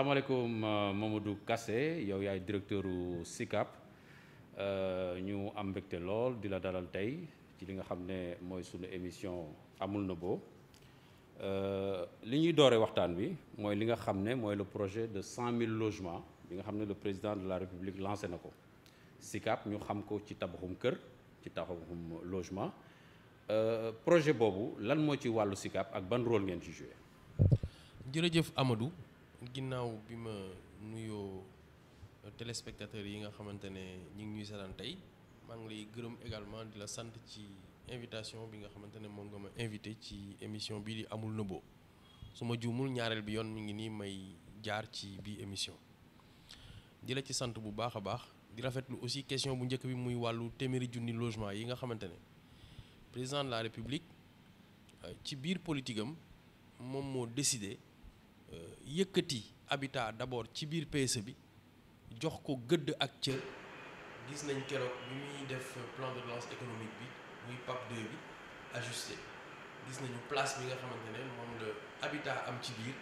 Je euh, Mamadou Kassé directeur du SICAP Nous euh, am la dalal une émission amul Nous euh, le projet de 000 logements que le président de la République lancé le SICAP ñu xam ko ci tabaxum projet ci logement. projet bobu lan est ci SICAP ak ban rôle Amadou ginnaaw bima nuyo nuyoo téléspectateurs yi nga xamantene ne ngi ñuy seetaan tey maa ngi lay gërëm également di la sant ci invitation bi nga xamantene mo nga ma invité ci émission bi di amul nebo suma juumul ñaarel bi yoon mi ngi may jaar ci bi émission di la ci sant bu baax a baax di rafetlu aussi question bu njëkk bi muy wàllu téméri junni logement yi nga xamantene président de la république euh, ci biir politique am moom moo décidé euh, yëkkati habitat d'abord ci biir PSE bi jox ko gëdd ak cër gis nañ keroog bi muy def plan de relance économique bi muy PAP 2 bi ajusté gis nañu place bi nga xamante ne moom la habitat am ci biir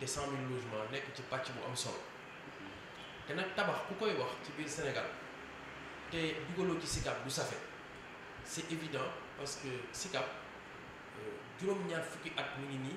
des cent mille logements nekk ci pàcc bu am solo te nag tabax ku koy wax ci biir Sénégal te dugaloo ci SICAP du safe c'est évident parce que SICAP euh, juróom-ñaar fukki at mu ngi nii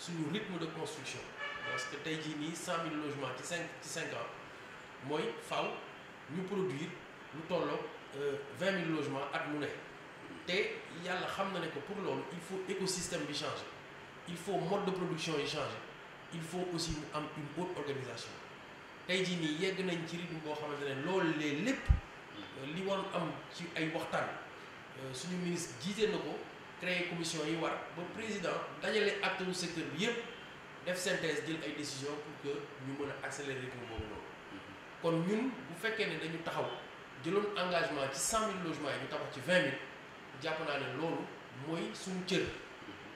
sur le rythme de construction. Parce que nous 100 000 logements qui 5, ans. Moi, FAO, nous produire nous avons 20 000 logements à Et il y a que pour l'homme, il faut l'écosystème change. Il faut le mode de production change. Il faut aussi une haute organisation. Il y a des rythme qui ont été en train de faire Ce qui le ministre disait, créer une commission yi war ba président dajalé acte du secteur bi yépp def synthèse jël décision pour que nous mëna accélérer ko bobu non kon ñun bu fekké engagement de 100 000 logements nous avons fait 20 000 japp na né lolu moy suñu cër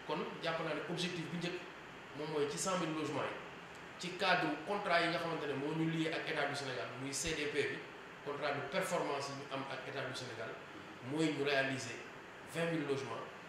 kon japp na né objectif bu ñëk mom moy 100 000 logements ci cadre contrat qui est lié à l'État du sénégal muy cdp bi contrat de performance yi l'État du sénégal nous avons réalisé 20 000 logements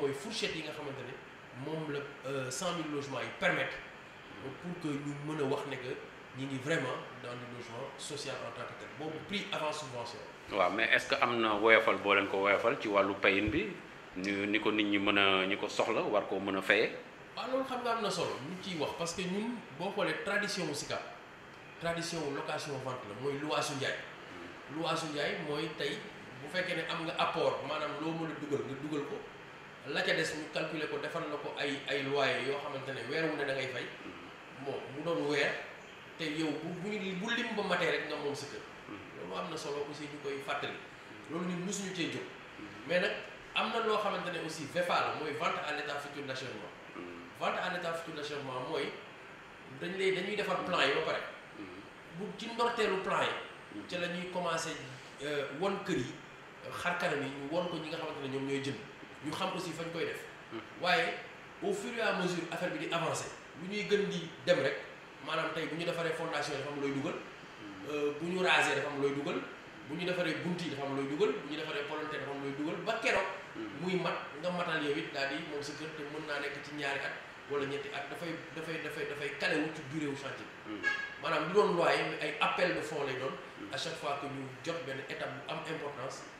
mooy fourchette yi nga xamante ne moom la 100000 euh, logements yi permettre pour que ñu mën a wax ne que ñu ngi vraiment dans le logement social en tant que tel boobu prix avant subvention. waaw mais est-ce que am na woyofal boo leen ko woyofal ci wàllu payin bi ñu ni ko nit ñi mën a ñi ko soxla war koo mën a fayee. waaw ah, loolu xam nga am na solo ñu ciy wax parce que ñun boo xoolee tradition wu Sicap tradition location vente la mooy luwaasu njaay luwaasu njaay mooy tey bu fekkee ne am nga apport maanaam loo mën a dugal nga dugal ko. la ca des ñu calculer ko defar na ko ay ay loyer yoo xamante ne weer wu ne da ngay fay mm-hmm. bon mu doon weer te yow bu bu bu lim ba matee rek nga moom sa kër mm-hmm. loolu am na solo aussi ñu koy fàttali mm-hmm. loolu ñun mosuñu cee jóg mais nag am na loo xamante ne aussi VEFA mooy vente en état futur d'achèvement vente en état futur mooy dañ lay dañuy defar plan yi ba pare bu ci ndorteelu plan yi ca la ñuy commencé euh, won kër yi xarkanam yi ñu won ko ñi nga xamante ne ñoom ñooy jënd ñu xam aussi fañ koy def waaye au fur et à mesure affaire bi di avancé lu ñuy gën di dem rek maanaam tey bu ñu defaree fondation dafa am looy dugal euh, bu ñu raser dafa am looy dugal bu ñu defaree bunt dafa am looy dugal bu ñu defaree volonté dafa am looy dugal ba keroog muy mat nga matal yow it daal di moom sa kër te mën naa nekk ci ñaari at wala ñetti at dafay dafay dafay dafay wu ci durée wu chantier maanaam lu doon loyer ay appel de fonds lay doon à chaque fois que ñu jot benn étape bu am importance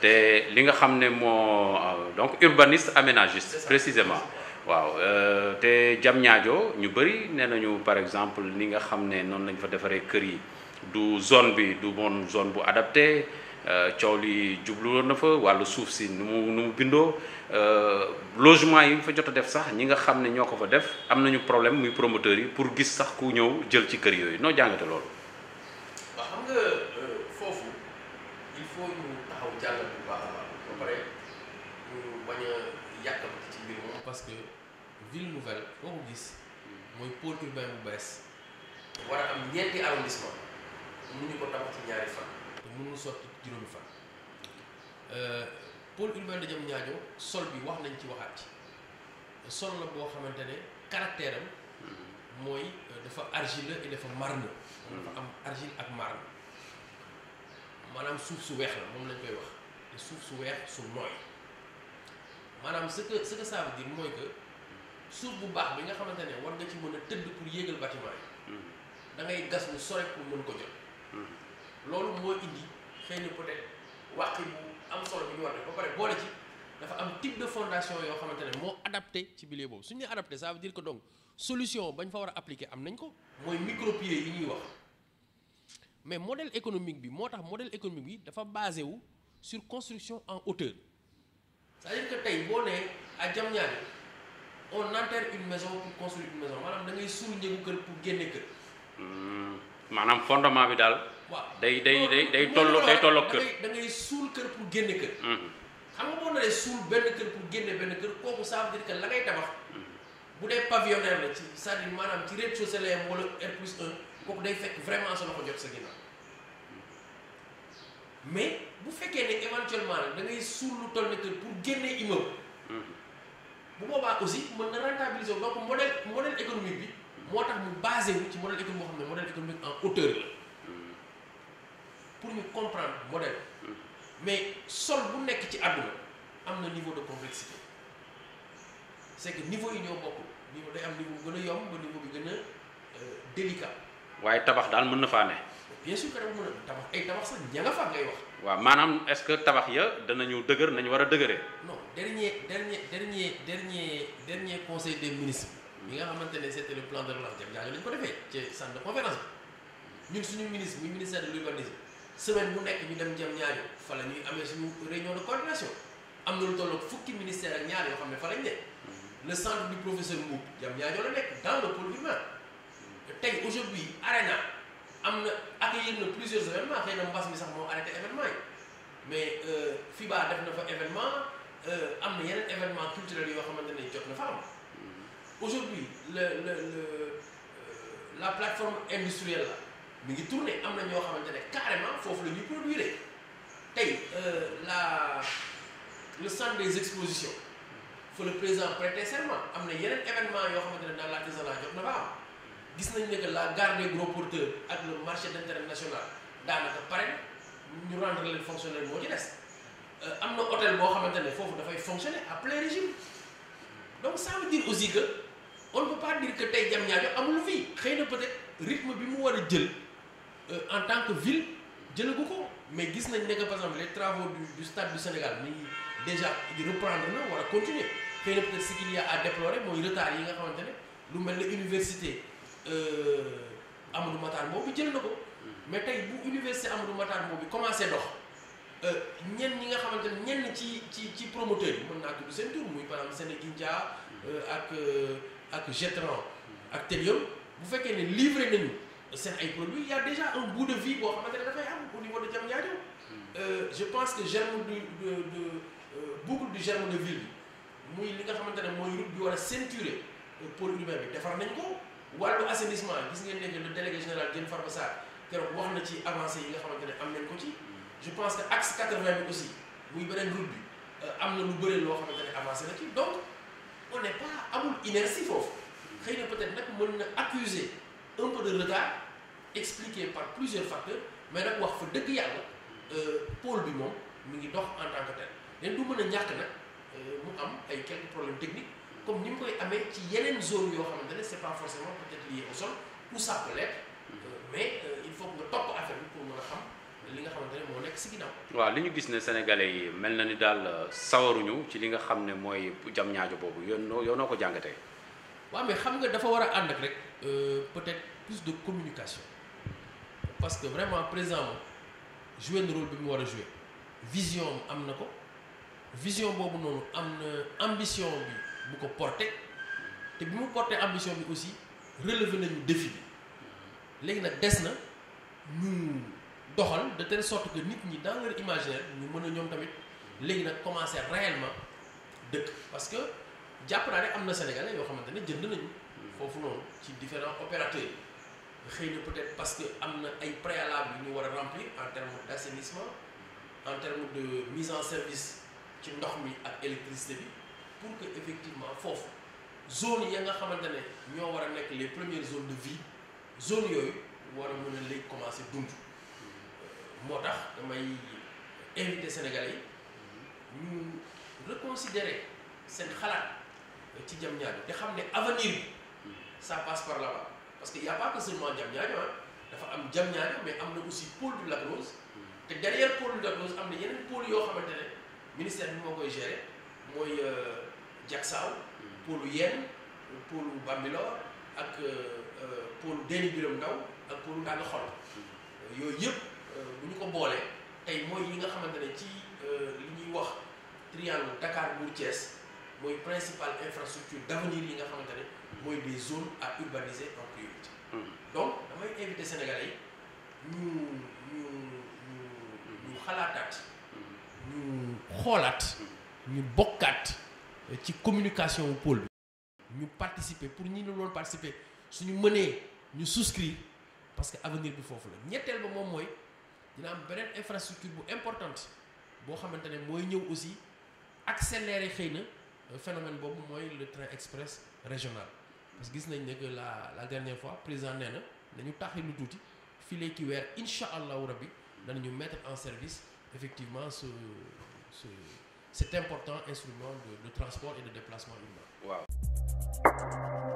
te li nga xamné mo euh, donc urbaniste aménagiste précisément waaw euh, te Diamniadio ñu bari nee nañu par exemple ni nga xamné non lañ fa défaré kër yi du zone bi du bonne zone bu adapté euh, coow li jubluwoon na fa walu souf ci nu mu nu mu bindoo logement yi fa jot def sax ñi nga xamné ñoko fa def am nañu problème muy promoteur yi pour gis sax ku ñëw jël ci kër no yooyu noo xam nga que ville nouvelle foo ko gis hmm. mooy pôle urbain bu bees war a am ñeenti arrondissement mun ñu ko tabax ci ñaari fan te mënul sotti juróomi fan euh, pôle urbain de Diamniadio sol bi wax lañ ci waxaat ci sol la boo xamante ne caractère hmm. mooy euh, dafa argile et dafa marne hmm. am ak marne maanaam suuf su weex la moom lañ koy wax te suuf su weex su nooy manam ce que ce que ça veut dire mooy que suuf bu baax bi nga xamante war nga ci mëna teud pour yéegal bâtiment hmm. da ngay gas lu sore pour mën ko jot hmm. loolu mo indi xëy na peut être wàqi bu am solo bi ñu war def ba paré bolé ci dafa am type de fondation yo xamante mo adapté ci milieu boobu suñu adapté ça veut dire que donc solution bañ fa wara appliquer am nañ ko mooy micropieux yi ñuy wax mais modèle économique bi motax modèle économique bi dafa basé wu sur construction en hauteur c'est-à-dire que tey boo nee à Diamniadio on enterre une maison pour construire une maison maanaam da ngay suul njëgu kër pour génne kër. Hmm, maanaam fondement bi daal. waaw day day day day tolloo day kër da ngay suul kër pour génne kër. Hmm. xam nga boo naree suul benn kër pour génne benn kër kooku ça veut dire que la ngay tabax. Hmm. bu dee pavillonnaire la ci c'est-à-dire maanaam ci rez-de-chaussée la yem wala R kooku day fekk vraiment sa loxo jot sa ginnaaw. mais bu fekkee ne éventuellement da ngay suul lu toll pour génnee immeuble. Mhm. bu boobaa aussi mën na rentabiliser donc modèle modèle économique bi moo tax mu basé wu ci modèle économique boo xam ne modèle économique en hauteur la mhm. pour ñu comprendre modèle mhm. mais sol bu nekk ci àdduna am na niveau de complexité c'est que niveau yi ñoo bokk niveau day am niveau bu gën a yomb ba niveau bi gën a euh, délicat. waaye tabax daal mën na faa ne. bien su que dafa mën a tabax ay tabax sax ña nga fa ngay wax. waaw maanaam est-ce que tabax ya danañu dëgër nañu war a dëgëree. non dernier dernier dernier dernier dernier conseil des ministres. bi nga xamante ne c'était le de relance jam jaajo lañ ko defee ci centre de conférence bi ñun suñu ministre muy ministère de semaine bu nekk ñu dem jam ñaajo fa la ñuy amee suñu réunion de coordination am na lu tolloog fukki ministère ak ñaar yoo xam ne fa lañ nekk le centre du professeur Mboup jam ñaajo la nekk dans le pôle urbain tey aujourd'hui ARENA am accueillir plusieurs événements xëy na mbas mi sax arrêté événement mais euh, FIBA def fa événement euh, am na événement culturel yoo xamante ne jot na fa am aujourd'hui le le euh, la plateforme industrielle la mi ngi tourné am ñoo carrément foofu la ñuy produire euh, la le centre des expositions faut le présenter prêter serment am na un événement yoo xamante ne dans l'artisanat na fa gis nañ que la garde des gros porteurs ak le marché international dans national daanaka pare ñu rendre leen fonctionnel moo ci des euh, am na hôtel boo xamante ne foofu dafay fonctionner à plein régime donc ça veut dire aussi que on ne peut pas dire que tey Diamniadio amul fii xëy na peut-être rythme bi mu war a jël euh, en tant que ville jëlagu ko mais gis nañ ne que par exemple les travaux du stade du Sénégal mi déjà, déjà reprendre na war a continuer xëy na peut-être ce qu'il y a à déplorer mooy retard yi nga xamante ne lu mel ne université. Euh, Amadou Matar Mbow jël na ko mais tay bu université Amadou Matar Mbow commencé dox euh ñen ñi nga xamante ñen ci ci ci promoteur yi mën naa tudd seen tour muy par exemple euh ak euh, ak Jetran ak Telium bu fekkee ne livrer nañu seen ay produits il y a déjà un bout de vie boo xamante ne dafay am au niveau de Diamniadio euh, je pense que germe du de de boucle du germe de ville bi muy li nga xamante ne mooy route bi war a ceinturer pour urbain bi defar nañ ko wàllu assainissement gis ngeen ne le délégué général Diène Farba Sarr keroog wax na ci avancé yi nga xamante ne am nañ ko ci je pense que axe 80 aussi muy beneen route bi euh, am na lu bëri loo xamante ne na ci donc on n'est pas amul inertie foofu xëy peut-être nak mën na accuser un peu de retard expliqué par plusieurs facteurs mais nak wax fa dëgg yàlla euh, pôle bi moom mu dox en tant que tel leen du mën a ñàkk euh, mu am ay quelques problèmes techniques comme ni mu koy amee ci yeneen zone yoo xamante ne c'est pas forcément peut-être lié au sol ou ça peut l'être euh, mais euh, il faut que le top affaire pour mën a xam li nga xamante ne moo nekk si ginnaaw. waaw li ñu gis ne sénégalais yi mel ni daal euh, sawaruñu ci li nga xam ne mooy jam ñaajo boobu ko jàngatee. waaw mais xam nga dafa war a ànd ak peut-être plus de communication parce que vraiment présent, jouer un rôle bi mu war vision am ko vision boobu noonu am ambition bi. Nous porter porté nous bi ambition aussi relever de défi bi léegi nag na ñu de telle sorte que nit ñi dans leur imaginaire ñu mën commencer réellement parce que déjà naa ne am sénégalais yoo xamante ne jënd nañu différents opérateurs peut-être parce que y a ay préalables yu ñu remplir en termes d'assainissement en termes de mise en service ci ndox mi ak pour que effectivement fof zone ya nga xamante ne ñoo war les premières zones de vie zone yoy wara mëna mën commencer dund motax damay invité Sénégalais Nous ñu reconsidérer seen xalaat ci Diamniadio te xamné avenir ça passe par là-bas parce qu'il y a pas que seulement Diamniadio hein. dafa am Diamniadio mais amna aussi pôle du Lac Rose te derrière pôle du Lac Rose amna na yeneen pôle yo xamante ministère bi mo koy gérer mooy euh, Diacksao mm. pôlu Yène pôlu Bambilor ak euh, euh, pôlu Déni Biram Ndaw ak pôlu Ndanga Xol mm. yooyu yëpp bu ñu ko boolee tey mooy yi nga xamante ne ci li ñuy wax triangle Dakar Mbour Thiès mooy principale infrastructure d'avenir lii nga xamante ne mooy des zones à urbaniser en priorité mm. donc damay invité Sénégalais yi ñu ñu ñu ñu xalaataat ñu xoolaat Nous bokat ci communication au pôle Nous participer pour ni nous loon participer suñu mënee nous souscrire parce que avenir bi fofu la ñettel ba mom y dina am benen infrastructure bu importante bo xamante moy mooy aussi accélérer xeyna phénomène bobu moy le train express régional parce que gis nañ ne que la la dernière fois président néna na nañu taxi lu tuti filé ki wér inshallah allahu rabbi mettre en service effectivement ce ce un important instrument de, transport et de déplacement humain.